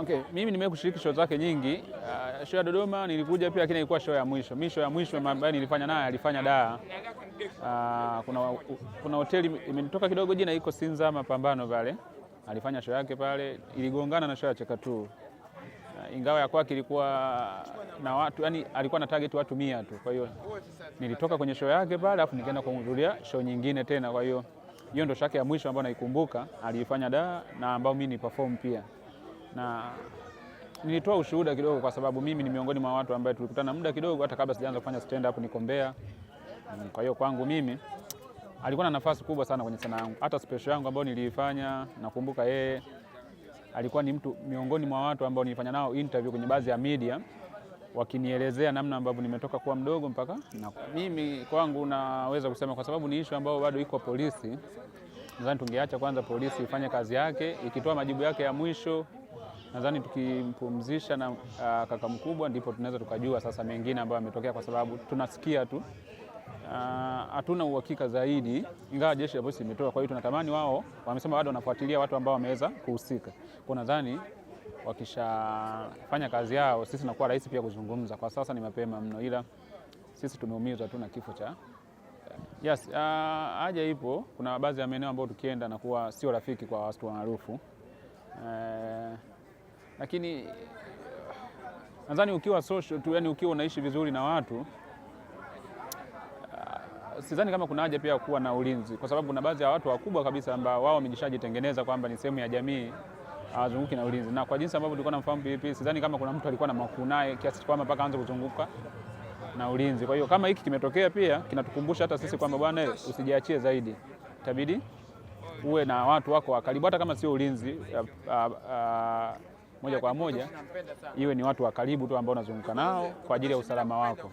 Okay, mimi nimewahi kushiriki show zake nyingi. Uh, show ya Dodoma nilikuja pia, lakini ilikuwa show ya mwisho. Mimi show ya mwisho ambayo nilifanya naye alifanya daa. Uh, kuna, kuna hoteli imenitoka kidogo jina, iko Sinza Mapambano pale, alifanya show yake pale, iligongana na show ya Chakatu. Uh, ah, ingawa ya kwake ilikuwa na watu yani, alikuwa na target watu 100 tu. Kwa hiyo nilitoka kwenye show yake pale, afu nikaenda kuhudhuria show nyingine tena. Kwa hiyo hiyo ndio show yake ya mwisho ambayo naikumbuka aliifanya daa na ambao mimi ni perform pia na nilitoa ushuhuda kidogo, kwa sababu mimi ni miongoni mwa watu ambao tulikutana muda kidogo, hata kabla sijaanza kufanya stand up niko Mbeya. Mm, kwa hiyo kwangu mimi alikuwa na nafasi kubwa sana kwenye sanaa yangu. Hata special yangu ambayo niliifanya, nakumbuka yeye alikuwa ni mtu miongoni mwa watu ambao nilifanya nao interview kwenye baadhi ya media, wakinielezea namna ambavyo nimetoka kuwa mdogo mpaka na mimi kwangu naweza kusema, kwa sababu ni issue ambayo bado iko polisi. Nadhani tungeacha kwanza polisi ifanye kazi yake, ikitoa majibu yake ya mwisho nadhani tukimpumzisha na uh, kaka mkubwa ndipo tunaweza tukajua sasa mengine ambayo yametokea, kwa sababu tunasikia tu uh, hatuna uh, uhakika zaidi, ingawa jeshi la polisi imetoa. Kwa hiyo tunatamani wao, wamesema bado wanafuatilia watu ambao wameweza kuhusika, kwa nadhani wakishafanya kazi yao, sisi nakuwa rahisi pia kuzungumza. Kwa sasa ni mapema mno, ila sisi tumeumizwa tu na kifo cha uh, yes. Uh, haja ipo, kuna baadhi ya maeneo ambayo tukienda nakuwa sio rafiki kwa watu maarufu uh, lakini nadhani ukiwa social tu, yani ukiwa unaishi vizuri na watu uh, sidhani kama kuna haja pia kuwa na ulinzi, kwa sababu kuna baadhi ya watu wakubwa kabisa ambao wao wamejishajitengeneza kwamba ni sehemu ya jamii, hawazunguki na ulinzi. Na kwa jinsi ambavyo tulikuwa tunamfahamu Pilipili, sidhani kama kuna mtu alikuwa na makuu naye kiasi kwamba mpaka anze kuzunguka na ulinzi. Kwa hiyo kama hiki kimetokea, pia kinatukumbusha hata sisi kwamba bwana, usijiachie zaidi, itabidi uwe na watu wako wa karibu, hata kama sio ulinzi uh, uh, uh, moja kwa moja, iwe ni watu wa karibu tu ambao unazunguka nao kwa ajili ya usalama wako.